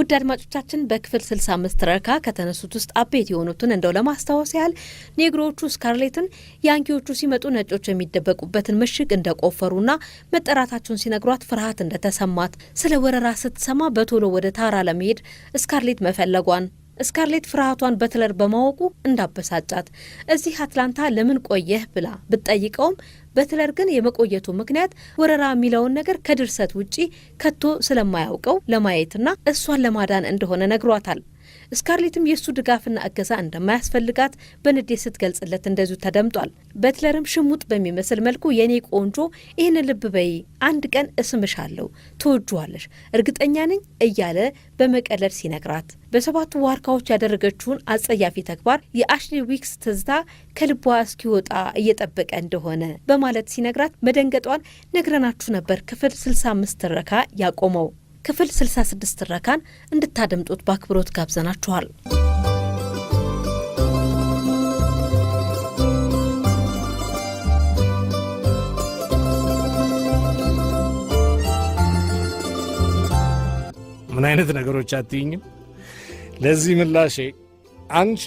ውድ አድማጮቻችን በክፍል 65 ረካ ከተነሱት ውስጥ አቤት የሆኑትን እንደው ለማስታወስ ያህል ኔግሮዎቹ ስካርሌትን፣ ያንኪዎቹ ሲመጡ ነጮች የሚደበቁበትን ምሽግ እንደቆፈሩና መጠራታቸውን ሲነግሯት ፍርሃት እንደተሰማት ስለ ወረራ ስትሰማ በቶሎ ወደ ታራ ለመሄድ ስካርሌት መፈለጓን ስካርሌት ፍርሃቷን በትለር በማወቁ እንዳበሳጫት እዚህ አትላንታ ለምን ቆየህ ብላ ብትጠይቀውም በትለር ግን የመቆየቱ ምክንያት ወረራ የሚለውን ነገር ከድርሰት ውጪ ከቶ ስለማያውቀው ለማየትና እሷን ለማዳን እንደሆነ ነግሯታል። ስካርሌትም የእሱ ድጋፍና እገዛ እንደማያስፈልጋት በንዴት ስትገልጽለት እንደዚሁ ተደምጧል። በትለርም ሽሙጥ በሚመስል መልኩ የእኔ ቆንጆ ይህን ልብ በይ፣ አንድ ቀን እስምሻለሁ፣ ትወጅዋለሽ፣ እርግጠኛ ነኝ እያለ በመቀለድ ሲነግራት በሰባቱ ዋርካዎች ያደረገችውን አጸያፊ ተግባር የአሽሊ ዊክስ ትዝታ ከልቧ እስኪወጣ እየጠበቀ እንደሆነ በማለት ሲነግራት መደንገጧን ነግረናችሁ ነበር። ክፍል 65 ትረካ ያቆመው ክፍል 66 ትረካን እንድታደምጡት በአክብሮት ጋብዘናችኋል። ምን አይነት ነገሮች አትይኝም? ለዚህ ምላሼ አንቺ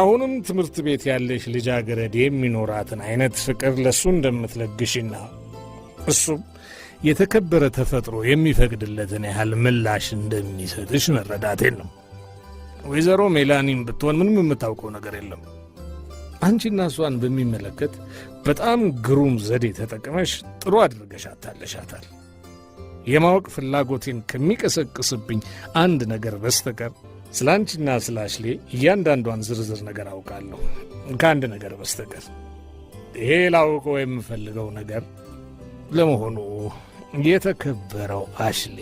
አሁንም ትምህርት ቤት ያለሽ ልጃገረድ የሚኖራትን አይነት ፍቅር ለእሱ እንደምትለግሽና እሱም የተከበረ ተፈጥሮ የሚፈቅድለትን ያህል ምላሽ እንደሚሰጥሽ መረዳቴን ነው። ወይዘሮ ሜላኒም ብትሆን ምንም የምታውቀው ነገር የለም። አንቺና እሷን በሚመለከት በጣም ግሩም ዘዴ ተጠቅመሽ ጥሩ አድርገሽ አታለሻታል። የማወቅ ፍላጎቴን ከሚቀሰቅስብኝ አንድ ነገር በስተቀር ስለ አንቺና ስለ አሽሌ እያንዳንዷን ዝርዝር ነገር አውቃለሁ፣ ከአንድ ነገር በስተቀር። ይሄ ላውቀው የምፈልገው ነገር ለመሆኑ የተከበረው አሽሌ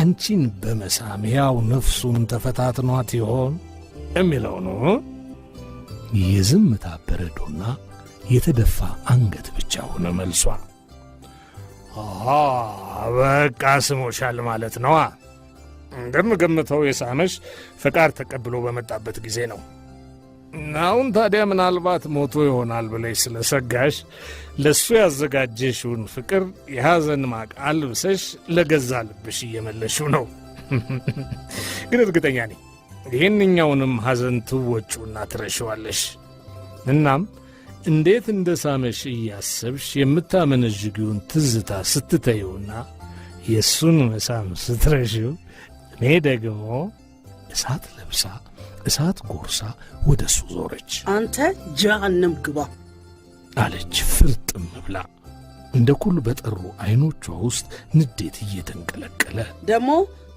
አንቺን በመሳም ያው ነፍሱን ተፈታትኗት ይሆን የሚለው ነው። የዝምታ በረዶና የተደፋ አንገት ብቻ ሆነ መልሷ። በቃ ስሞሻል ማለት ነዋ። እንደምገምተው የሳመሽ ፈቃድ ተቀብሎ በመጣበት ጊዜ ነው። አሁን ታዲያ ምናልባት ሞቶ ይሆናል ብለሽ ስለሰጋሽ ለእሱ ያዘጋጀሽውን ፍቅር የሐዘን ማቅ አልብሰሽ ለገዛ ልብሽ እየመለሽው ነው። ግን እርግጠኛ ነኝ ይህንኛውንም ሐዘን ትወጪውና ትረሸዋለሽ። እናም እንዴት እንደ ሳመሽ እያሰብሽ የምታመነዥጊውን ትዝታ ስትተይውና የእሱን መሳም ስትረሽው እኔ ደግሞ እሳት ለብሳ እሳት ጎርሳ ወደ እሱ ዞረች። አንተ ጀሃንም ግባ አለች ፍርጥም ብላ። እንደ ኩል በጠሩ ዐይኖቿ ውስጥ ንዴት እየተንቀለቀለ ደግሞ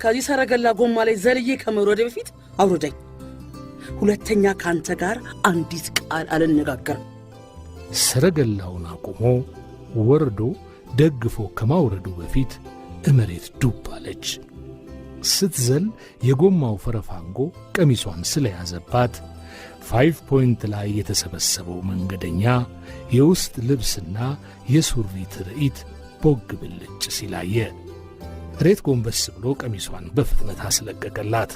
ከዚህ ሰረገላ ጎማ ላይ ዘልዬ ከመውረዴ በፊት አውርደኝ። ሁለተኛ ከአንተ ጋር አንዲት ቃል አልነጋገርም። ሰረገላውን አቁሞ ወርዶ ደግፎ ከማውረዱ በፊት እመሬት ዱብ አለች። ስትዘል የጎማው ፈረፋንጎ ቀሚሷን ስለያዘባት ፋይቭ ፖይንት ላይ የተሰበሰበው መንገደኛ የውስጥ ልብስና የሱሪ ትርኢት ቦግ ብልጭ ሲላየ ሬት ጎንበስ ብሎ ቀሚሷን በፍጥነት አስለቀቀላት።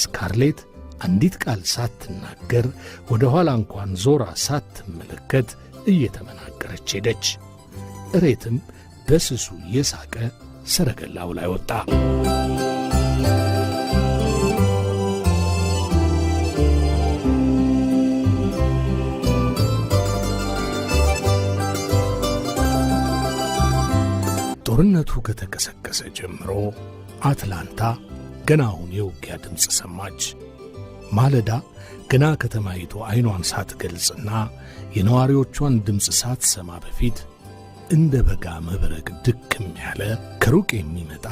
ስካርሌት አንዲት ቃል ሳትናገር ወደ ኋላ እንኳን ዞራ ሳትመለከት እየተመናገረች ሄደች። እሬትም በስሱ እየሳቀ ሰረገላው ላይ ወጣ። ጦርነቱ ከተቀሰቀሰ ጀምሮ አትላንታ ገና አሁን የውጊያ ድምፅ ሰማች። ማለዳ ገና ከተማይቱ ዐይኗን ሳትገልጽና የነዋሪዎቿን ድምፅ ሳትሰማ በፊት እንደ በጋ መብረቅ ድቅም ያለ ከሩቅ የሚመጣ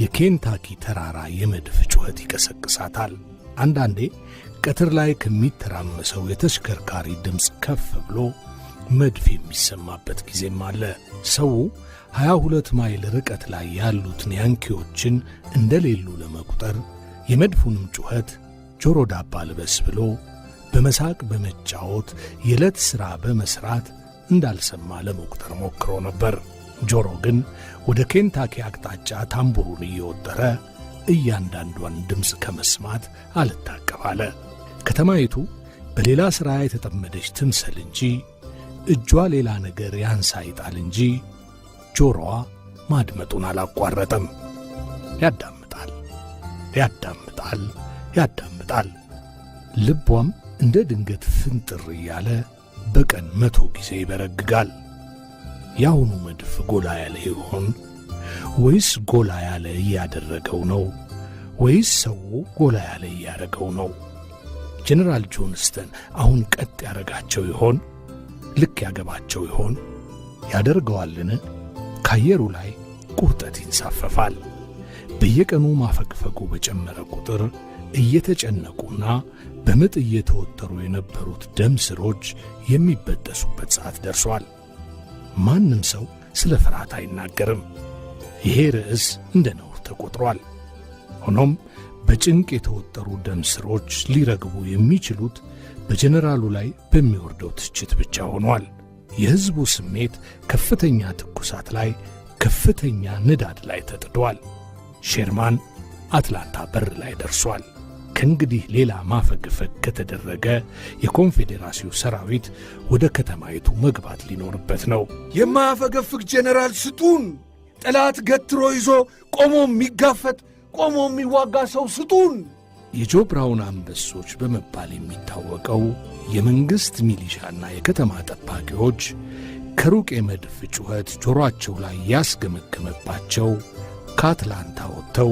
የኬንታኪ ተራራ የመድፍ ጩኸት ይቀሰቅሳታል። አንዳንዴ ቀትር ላይ ከሚተራመሰው የተሽከርካሪ ድምፅ ከፍ ብሎ መድፍ የሚሰማበት ጊዜም አለ። ሰው ሀያ ሁለት ማይል ርቀት ላይ ያሉትን ያንኪዎችን እንደሌሉ ለመቁጠር የመድፉንም ጩኸት ጆሮ ዳባ ልበስ ብሎ በመሳቅ በመጫወት የዕለት ሥራ በመሥራት እንዳልሰማ ለመቁጠር ሞክሮ ነበር። ጆሮ ግን ወደ ኬንታኪ አቅጣጫ ታምቡሩን እየወጠረ እያንዳንዷን ድምፅ ከመስማት አልታቀብ አለ። ከተማይቱ በሌላ ሥራ የተጠመደች ትምሰል እንጂ እጇ ሌላ ነገር ያንሳይጣል እንጂ ጆሮዋ ማድመጡን አላቋረጠም። ያዳምጣል፣ ያዳምጣል፣ ያዳምጣል። ልቧም እንደ ድንገት ፍንጥር እያለ በቀን መቶ ጊዜ ይበረግጋል። የአሁኑ መድፍ ጎላ ያለ ይሆን ወይስ ጎላ ያለ እያደረገው ነው? ወይስ ሰው ጎላ ያለ እያደረገው ነው? ጀነራል ጆንስተን አሁን ቀጥ ያደረጋቸው ይሆን? ልክ ያገባቸው ይሆን? ያደርገዋልን? ከአየሩ ላይ ቁርጠት ይንሳፈፋል። በየቀኑ ማፈግፈጉ በጨመረ ቁጥር እየተጨነቁና በምጥ እየተወጠሩ የነበሩት ደም ስሮች የሚበጠሱበት ሰዓት ደርሷል። ማንም ሰው ስለ ፍርሃት አይናገርም። ይሄ ርዕስ እንደ ነውር ተቆጥሯል። ሆኖም በጭንቅ የተወጠሩ ደም ስሮች ሊረግቡ የሚችሉት በጀነራሉ ላይ በሚወርደው ትችት ብቻ ሆኗል። የሕዝቡ ስሜት ከፍተኛ ትኩሳት ላይ፣ ከፍተኛ ንዳድ ላይ ተጥዷል። ሼርማን አትላንታ በር ላይ ደርሷል። ከእንግዲህ ሌላ ማፈግፈግ ከተደረገ የኮንፌዴራሲው ሰራዊት ወደ ከተማይቱ መግባት ሊኖርበት ነው። የማያፈገፍግ ጄኔራል ስጡን! ጠላት ገትሮ ይዞ ቆሞ የሚጋፈጥ ቆሞ የሚዋጋ ሰው ስጡን! የጆብራውን አንበሶች በመባል የሚታወቀው የመንግሥት ሚሊሻና የከተማ ጠባቂዎች ከሩቅ የመድፍ ጩኸት ጆሮአቸው ላይ ያስገመገመባቸው ከአትላንታ ወጥተው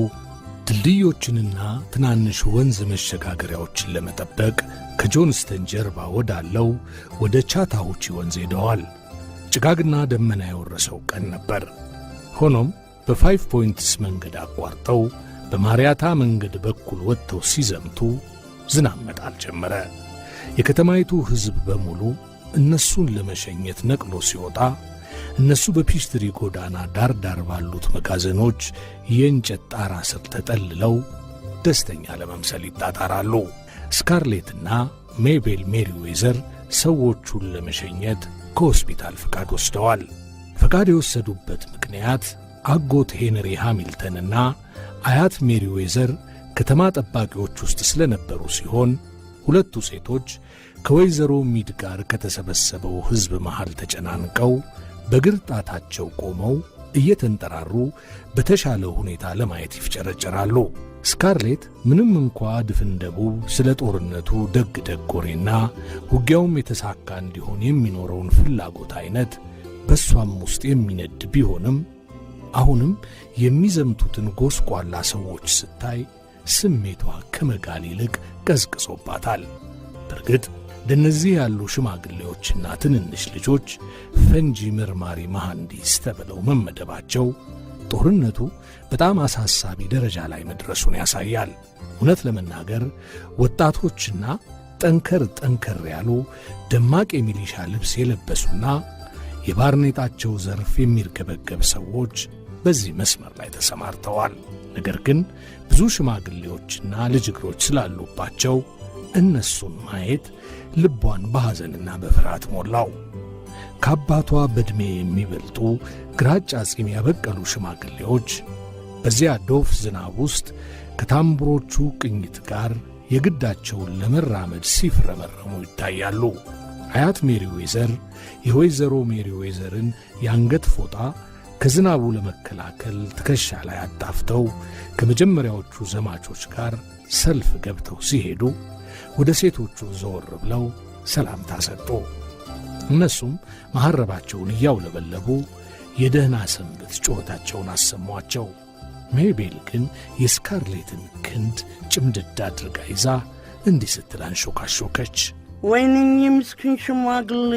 ድልድዮችንና ትናንሽ ወንዝ መሸጋገሪያዎችን ለመጠበቅ ከጆንስተን ጀርባ ወዳለው ወደ ቻታሁቺ ወንዝ ሄደዋል። ጭጋግና ደመና የወረሰው ቀን ነበር። ሆኖም በፋይቭ ፖይንትስ መንገድ አቋርጠው በማርያታ መንገድ በኩል ወጥተው ሲዘምቱ ዝናብ መጣል ጀመረ። የከተማይቱ ሕዝብ በሙሉ እነሱን ለመሸኘት ነቅሎ ሲወጣ እነሱ በፒስትሪ ጎዳና ዳር ዳር ባሉት መጋዘኖች የእንጨት ጣራ ስር ተጠልለው ደስተኛ ለመምሰል ይጣጣራሉ። ስካርሌትና ሜቤል ሜሪዌዘር ሰዎቹን ለመሸኘት ከሆስፒታል ፍቃድ ወስደዋል። ፍቃድ የወሰዱበት ምክንያት አጎት ሄንሪ ሃሚልተንና አያት ሜሪዌዘር ከተማ ጠባቂዎች ውስጥ ስለነበሩ ሲሆን ሁለቱ ሴቶች ከወይዘሮ ሚድ ጋር ከተሰበሰበው ሕዝብ መሃል ተጨናንቀው በግርጣታቸው ቆመው እየተንጠራሩ በተሻለ ሁኔታ ለማየት ይፍጨረጨራሉ። ስካርሌት ምንም እንኳ ድፍን ደቡብ ስለ ጦርነቱ ደግ ደግ ወሬና ውጊያውም የተሳካ እንዲሆን የሚኖረውን ፍላጎት አይነት በእሷም ውስጥ የሚነድ ቢሆንም አሁንም የሚዘምቱትን ጎስቋላ ሰዎች ስታይ ስሜቷ ከመጋል ይልቅ ቀዝቅሶባታል። በርግጥ እንደነዚህ ያሉ ሽማግሌዎችና ትንንሽ ልጆች ፈንጂ መርማሪ መሐንዲስ ተብለው መመደባቸው ጦርነቱ በጣም አሳሳቢ ደረጃ ላይ መድረሱን ያሳያል። እውነት ለመናገር ወጣቶችና ጠንከር ጠንከር ያሉ ደማቅ የሚሊሻ ልብስ የለበሱና የባርኔጣቸው ዘርፍ የሚርገበገብ ሰዎች በዚህ መስመር ላይ ተሰማርተዋል። ነገር ግን ብዙ ሽማግሌዎችና ልጅ እግሮች ስላሉባቸው እነሱን ማየት ልቧን በሐዘንና በፍርሃት ሞላው። ከአባቷ በዕድሜ የሚበልጡ ግራጫ ጺም ያበቀሉ ሽማግሌዎች በዚያ ዶፍ ዝናብ ውስጥ ከታምቡሮቹ ቅኝት ጋር የግዳቸውን ለመራመድ ሲፍረመረሙ ይታያሉ። አያት ሜሪ ዌዘር የወይዘሮ ሜሪ ዌዘርን የአንገት ፎጣ ከዝናቡ ለመከላከል ትከሻ ላይ አጣፍተው ከመጀመሪያዎቹ ዘማቾች ጋር ሰልፍ ገብተው ሲሄዱ ወደ ሴቶቹ ዘወር ብለው ሰላምታ ሰጡ። እነሱም መሐረባቸውን እያውለበለቡ የደህና ሰንበት ጩኸታቸውን አሰሟቸው። ሜቤል ግን የስካርሌትን ክንድ ጭምድድ አድርጋ ይዛ እንዲህ ስትል አንሾካሾከች። ወይንኝ ምስኪን ሽማግሌ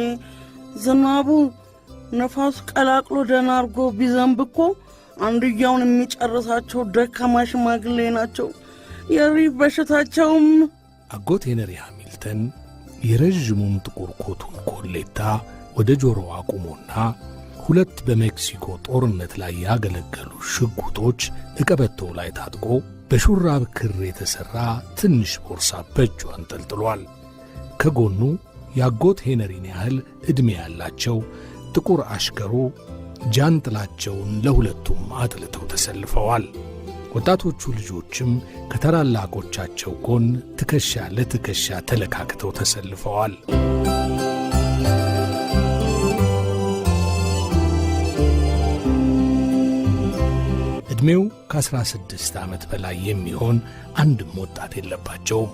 ዝናቡ ነፋስ ቀላቅሎ ደህና አድርጎ ቢዘንብ እኮ አንድያውን የሚጨርሳቸው ደካማ ሽማግሌ ናቸው። የሪፍ በሽታቸውም አጎት ሄነሪ ሃሚልተን የረዥሙን ጥቁር ኮቱን ኮሌታ ወደ ጆሮ አቁሞና ሁለት በሜክሲኮ ጦርነት ላይ ያገለገሉ ሽጉጦች እቀበቶው ላይ ታጥቆ በሹራብ ክር የተሠራ ትንሽ ቦርሳ በእጁ አንጠልጥሏል። ከጎኑ የአጎት ሄነሪን ያህል ዕድሜ ያላቸው ጥቁር አሽከሩ ጃንጥላቸውን ለሁለቱም አጥልተው ተሰልፈዋል። ወጣቶቹ ልጆችም ከታላላቆቻቸው ጎን ትከሻ ለትከሻ ተለካክተው ተሰልፈዋል። ዕድሜው ከ16 ዓመት በላይ የሚሆን አንድም ወጣት የለባቸውም።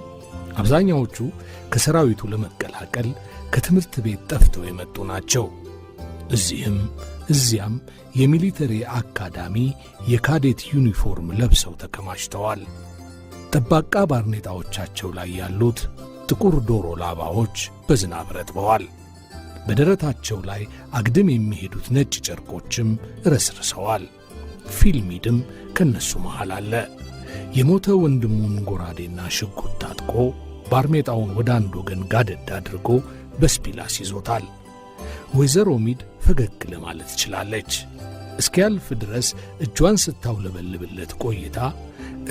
አብዛኛዎቹ ከሰራዊቱ ለመቀላቀል ከትምህርት ቤት ጠፍተው የመጡ ናቸው። እዚህም እዚያም የሚሊተሪ አካዳሚ የካዴት ዩኒፎርም ለብሰው ተከማችተዋል። ጠባቃ ባርኔጣዎቻቸው ላይ ያሉት ጥቁር ዶሮ ላባዎች በዝናብ ረጥበዋል። በደረታቸው ላይ አግድም የሚሄዱት ነጭ ጨርቆችም ረስርሰዋል። ፊልሚድም ከነሱ መሃል አለ። የሞተ ወንድሙን ጎራዴና ሽጉጥ ታጥቆ ባርኔጣውን ወደ አንድ ወገን ጋደድ አድርጎ በስፒላስ ይዞታል። ወይዘሮ ሚድ ፈገግ ለማለት ትችላለች። እስኪያልፍ ድረስ እጇን ስታውለበልብለት ቆይታ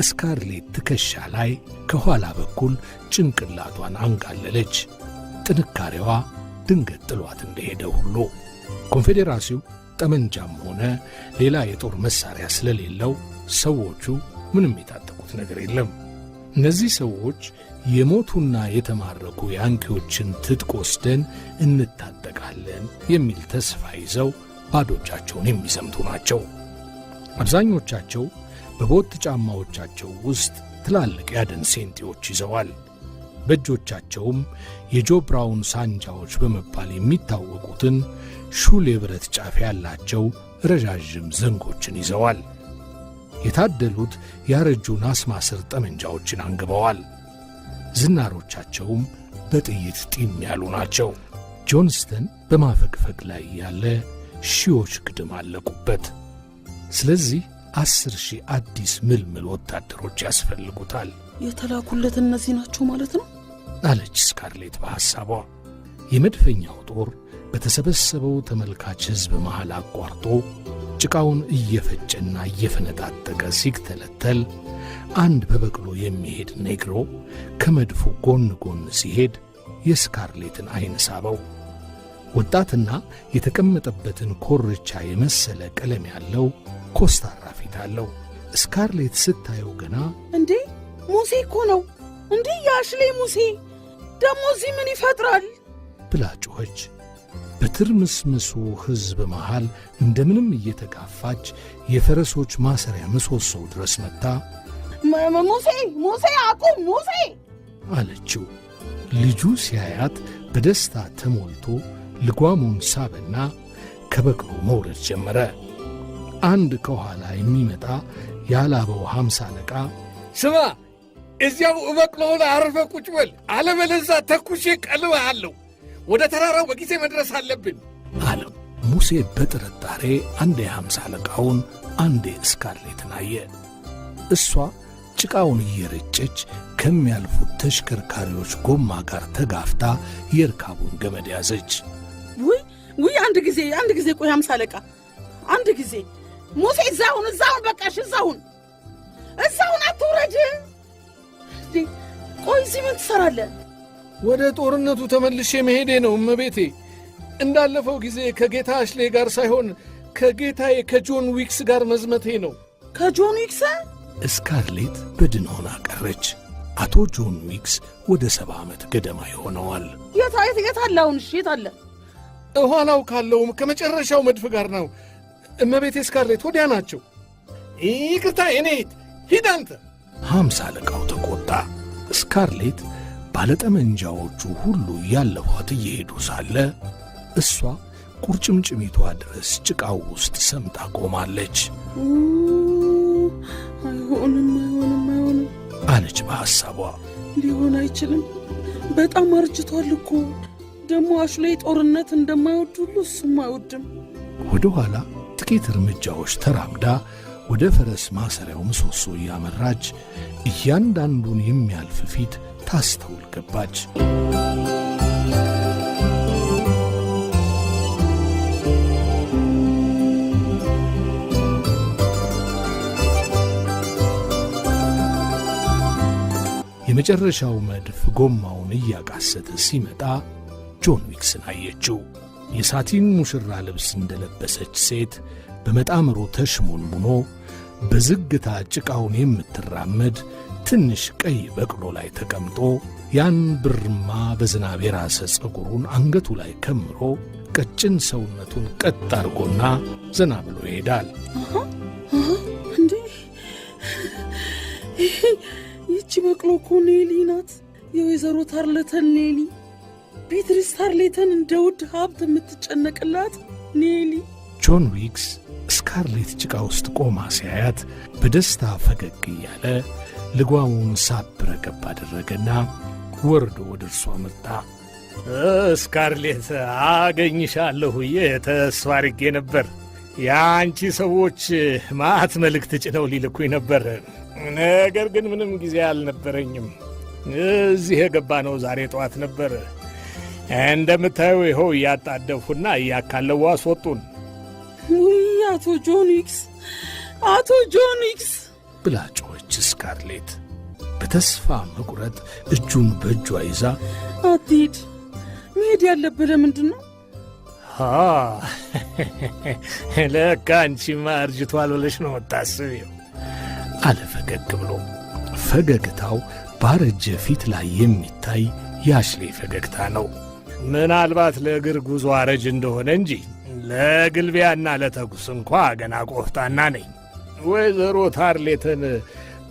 እስካርሌት ትከሻ ላይ ከኋላ በኩል ጭንቅላቷን አንጋለለች። ጥንካሬዋ ድንገት ጥሏት እንደሄደ ሁሉ ኮንፌዴራሲው ጠመንጃም ሆነ ሌላ የጦር መሣሪያ ስለሌለው ሰዎቹ ምንም የታጠቁት ነገር የለም። እነዚህ ሰዎች የሞቱና የተማረኩ ያንኪዎችን ትጥቅ ወስደን እንታጠቃለን የሚል ተስፋ ይዘው ባዶ እጃቸውን የሚሰምቱ ናቸው። አብዛኞቻቸው በቦት ጫማዎቻቸው ውስጥ ትላልቅ ያደን ሴንቲዎች ይዘዋል። በእጆቻቸውም የጆ ብራውን ሳንጃዎች በመባል የሚታወቁትን ሹል የብረት ጫፍ ያላቸው ረዣዥም ዘንጎችን ይዘዋል። የታደሉት ያረጁ ናስማስር ጠመንጃዎችን አንግበዋል። ዝናሮቻቸውም በጥይት ጢም ያሉ ናቸው። ጆንስተን በማፈግፈግ ላይ ያለ ሺዎች ግድም አለቁበት። ስለዚህ አስር ሺህ አዲስ ምልምል ወታደሮች ያስፈልጉታል። የተላኩለት እነዚህ ናቸው ማለት ነው አለች ስካርሌት በሐሳቧ። የመድፈኛው ጦር በተሰበሰበው ተመልካች ሕዝብ መሃል አቋርጦ ጭቃውን እየፈጨና እየፈነጣጠቀ ሲክተለተል አንድ በበቅሎ የሚሄድ ኔግሮ ከመድፉ ጎን ጎን ሲሄድ የስካርሌትን ዐይን ሳበው። ወጣትና የተቀመጠበትን ኮርቻ የመሰለ ቀለም ያለው ኮስታራ ፊት አለው። ስካርሌት ስታየው ገና እንዴ ሙሴ እኮ ነው እንዴ የአሽሌ ሙሴ ደሞ እዚህ ምን ይፈጥራል? ብላ ጮኸች። በትርምስምሱ ሕዝብ መሃል እንደምንም እየተጋፋች የፈረሶች ማሰሪያ ምሰሶው ድረስ መታ ሙሴ ሙሴ አቁም ሙሴ አለችው። ልጁ ሲያያት በደስታ ተሞልቶ ልጓሙን ሳበና ከበቅሎ መውረድ ጀመረ። አንድ ከኋላ የሚመጣ ያላበው ሐምሳ አለቃ ስማ፣ እዚያው እበቅሎውን አርፈ ቁጭ በል፣ አለበለዛ ተኩሼ ቀልበ አለው ወደ ተራራው በጊዜ መድረስ አለብን አለ። ሙሴ በጥርጣሬ አንዴ የሐምሳ አለቃውን አንዴ እስካርሌትን አየ። እሷ ጭቃውን እየረጨች ከሚያልፉት ተሽከርካሪዎች ጎማ ጋር ተጋፍታ የርካቡን ገመድ ያዘች። ውይ ውይ! አንድ ጊዜ አንድ ጊዜ ቆይ፣ ሐምሳ አለቃ አንድ ጊዜ ሙሴ፣ እዛሁን እዛሁን፣ በቃሽ፣ እዛሁን እዛሁን፣ አትውረጅ። ቆይ እዚህ ምን ትሠራለህ? ወደ ጦርነቱ ተመልሼ መሄዴ ነው እመቤቴ። እንዳለፈው ጊዜ ከጌታ አሽሌ ጋር ሳይሆን ከጌታዬ ከጆን ዊክስ ጋር መዝመቴ ነው። ከጆን ዊክስ? እስካርሌት በድን ሆና ቀረች። አቶ ጆን ዊክስ ወደ ሰባ ዓመት ገደማ ይሆነዋል። የት አለ እሺ የት አለ? እኋላው ካለውም ከመጨረሻው መድፍ ጋር ነው እመቤቴ። እስካርሌት ወዲያ ናቸው። ይቅርታ፣ እኔ ሂድ አንተ። ሐምሳ አለቃው ተቆጣ። እስካርሌት ባለጠመንጃዎቹ ሁሉ እያለፏት እየሄዱ ሳለ እሷ ቁርጭምጭሚቷ ድረስ ጭቃው ውስጥ ሰምጣ ቆማለች። አይሆንም፣ አይሆንም፣ አይሆንም አለች በሐሳቧ። ሊሆን አይችልም። በጣም አርጅቷል እኮ ደግሞ አሽሌይ ጦርነት እንደማይወድ ሁሉ እሱም አይወድም። ወደ ኋላ ጥቂት እርምጃዎች ተራምዳ ወደ ፈረስ ማሰሪያው ምሰሶ እያመራች እያንዳንዱን የሚያልፍ ፊት ታስተውል ገባች። የመጨረሻው መድፍ ጎማውን እያቃሰተ ሲመጣ ጆን ዊክስን አየችው። የሳቲን ሙሽራ ልብስ እንደለበሰች ሴት በመጣምሮ ተሽሞንሙኖ በዝግታ ጭቃውን የምትራመድ ትንሽ ቀይ በቅሎ ላይ ተቀምጦ ያን ብርማ በዝናብ የራሰ ፀጉሩን አንገቱ ላይ ከምሮ ቀጭን ሰውነቱን ቀጥ አድርጎና ዘና ብሎ ይሄዳል። እንዴ ይቺ በቅሎ እኮ ኔሊ ናት፣ የወይዘሮ ታርለተን ኔሊ። ቤትሪስ ታርሌተን እንደ ውድ ሀብት የምትጨነቅላት ኔሊ። ጆን ዊግስ ስካርሌት ጭቃ ውስጥ ቆማ ሲያያት በደስታ ፈገግ እያለ ልጓሙን ሳብረገብ አደረገና ወርዶ ወደ እርሷ መጣ። ስካርሌት አገኝሻለሁዬ ተስፋ አድርጌ ነበር። የአንቺ ሰዎች ማት መልእክት ጭነው ሊልኩኝ ነበር፣ ነገር ግን ምንም ጊዜ አልነበረኝም። እዚህ የገባ ነው ዛሬ ጠዋት ነበር። እንደምታየው ይኸው እያጣደፉና እያካለዋ አስወጡን። አቶ ጆን አቶ ጆን ብላጮች ስካርሌት በተስፋ መቁረጥ እጁን በእጇ ይዛ አትሂድ፣ መሄድ ያለብህ ለምንድን ነው? ለካ አንቺማ እርጅቷል ብለሽ ነው የምታስቢው አለ ፈገግ ብሎ። ፈገግታው ባረጀ ፊት ላይ የሚታይ የአሽሌ ፈገግታ ነው። ምናልባት ለእግር ጉዞ አረጅ እንደሆነ እንጂ ለግልቢያና ለተኩስ እንኳ ገና ቆፍጣና ነኝ። ወይዘሮ ታርሌተን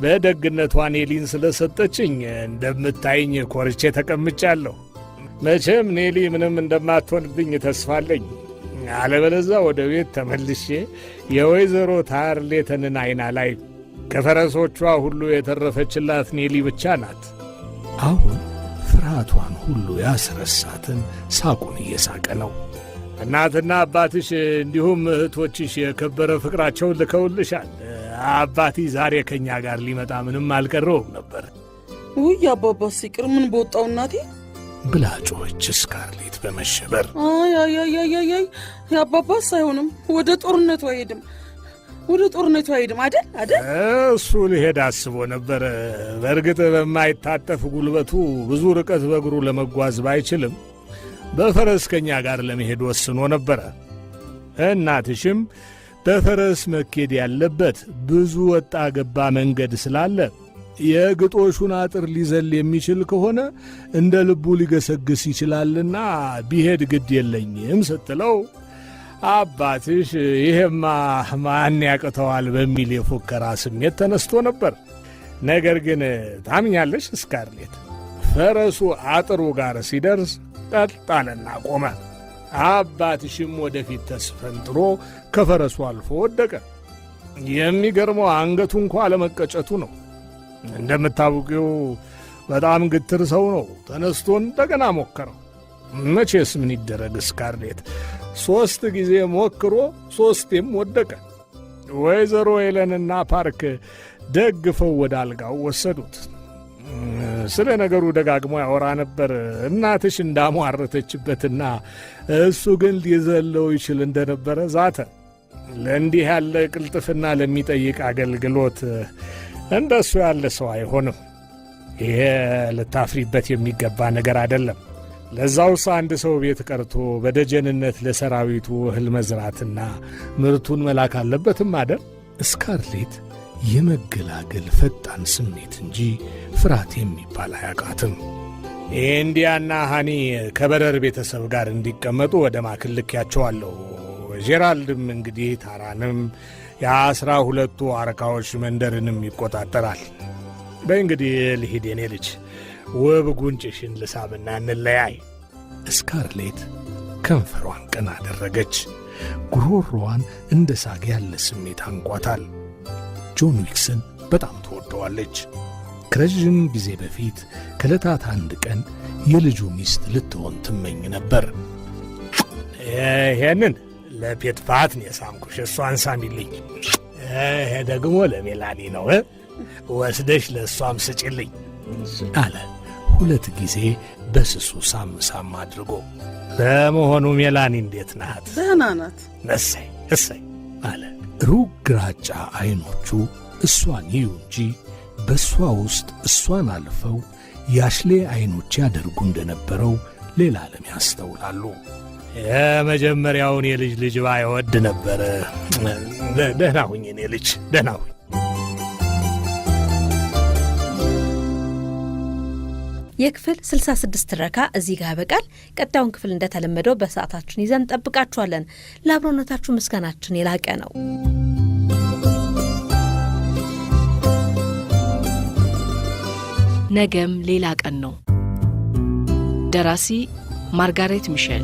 በደግነቷን ኔሊን ስለሰጠችኝ እንደምታይኝ ኮርቼ ተቀምጫለሁ። መቼም ኔሊ ምንም እንደማትሆንብኝ ተስፋለኝ። አለበለዛ ወደ ቤት ተመልሼ የወይዘሮ ታርሌተንን አይና ላይ ከፈረሶቿ ሁሉ የተረፈችላት ኔሊ ብቻ ናት። አሁን ፍርሃቷን ሁሉ ያስረሳትን ሳቁን እየሳቀ ነው። እናትና አባትሽ እንዲሁም እህቶችሽ የከበረ ፍቅራቸውን ልከውልሻል። አባቴ ዛሬ ከእኛ ጋር ሊመጣ ምንም አልቀረውም ነበር። ውይ አባባ ሲቅር ምን በወጣው እናቴ ብላ ጮኸች ስካርሌት በመሸበር። አያያያያይ የአባባ ሳይሆንም ወደ ጦርነቱ አይሄድም፣ ወደ ጦርነቱ አይሄድም አደል አደል። እሱ ሊሄድ አስቦ ነበር። በእርግጥ በማይታጠፍ ጉልበቱ ብዙ ርቀት በእግሩ ለመጓዝ ባይችልም በፈረስ ከኛ ጋር ለመሄድ ወስኖ ነበረ እናትሽም በፈረስ መኬድ ያለበት ብዙ ወጣ ገባ መንገድ ስላለ የግጦሹን አጥር ሊዘል የሚችል ከሆነ እንደ ልቡ ሊገሰግስ ይችላልና ቢሄድ ግድ የለኝም ስትለው አባትሽ ይሄማ ማን ያቅተዋል በሚል የፉከራ ስሜት ተነስቶ ነበር። ነገር ግን ታምኛለሽ እስካርሌት ፈረሱ አጥሩ ጋር ሲደርስ ቀጥ አለና ቆመ። አባትሽም ወደፊት ተስፈንጥሮ ከፈረሱ አልፎ ወደቀ። የሚገርመው አንገቱ እንኳ አለመቀጨቱ ነው። እንደምታውቂው በጣም ግትር ሰው ነው። ተነስቶ እንደገና ሞከረው። መቼስ ምን ይደረግ ስካርሌት፣ ሦስት ጊዜ ሞክሮ ሦስቴም ወደቀ። ወይዘሮ ኤለንና ፓርክ ደግፈው ወደ አልጋው ወሰዱት። ስለ ነገሩ ደጋግሞ ያወራ ነበር። እናትሽ እንዳሟረተችበትና እሱ ግን ሊዘለው ይችል እንደነበረ ዛተ። ለእንዲህ ያለ ቅልጥፍና ለሚጠይቅ አገልግሎት እንደሱ ያለ ሰው አይሆንም። ይሄ ልታፍሪበት የሚገባ ነገር አይደለም። ለዛውስ አንድ ሰው ቤት ቀርቶ በደጀንነት ለሰራዊቱ እህል መዝራትና ምርቱን መላክ አለበትም አደል? እስካርሌት የመገላገል ፈጣን ስሜት እንጂ ፍርሃት የሚባል አያውቃትም። ኢንዲያና ሃኒ ከበረር ቤተሰብ ጋር እንዲቀመጡ ወደ ማክልክያቸዋለሁ ጄራልድም እንግዲህ ታራንም የአስራ ሁለቱ አረካዎች መንደርንም ይቆጣጠራል። በእንግዲህ ልሂድ የኔ ልጅ፣ ውብ ጉንጭሽን ልሳምና እንለያይ። እስካርሌት ከንፈሯን ቀና አደረገች። ጉሮሮዋን እንደ ሳግ ያለ ስሜት አንቋታል። ጆን ዊክስን በጣም ትወደዋለች። ከረዥም ጊዜ በፊት ከለታት አንድ ቀን የልጁ ሚስት ልትሆን ትመኝ ነበር። ይሄንን ለፔትፋት ነው የሳምኩሽ። እሷን ሳሚልኝ። ይሄ ደግሞ ለሜላኒ ነው፣ ወስደሽ ለእሷም ስጭልኝ አለ ሁለት ጊዜ በስሱ ሳም ሳም አድርጎ። በመሆኑ ሜላኒ እንዴት ናት? ደህና ናት። እሰይ እሰይ አለ። ሩቅ ግራጫ ዐይኖቹ እሷን ይዩ እንጂ በእሷ ውስጥ እሷን አልፈው ያሽሌ ዐይኖች ያደርጉ እንደነበረው ሌላ ዓለም ያስተውላሉ። የመጀመሪያውን የልጅ ልጅ ባይወድ ነበረ። ደህና ሁኝ እኔ ልጅ ደህና ሁኝ። የክፍል 66 ትረካ እዚህ ጋር ያበቃል። ቀጣዩን ክፍል እንደተለመደው በሰዓታችን ይዘን እንጠብቃችኋለን። ለአብሮነታችሁ ምስጋናችን የላቀ ነው። ነገም ሌላ ቀን ነው። ደራሲ ማርጋሬት ሚሼል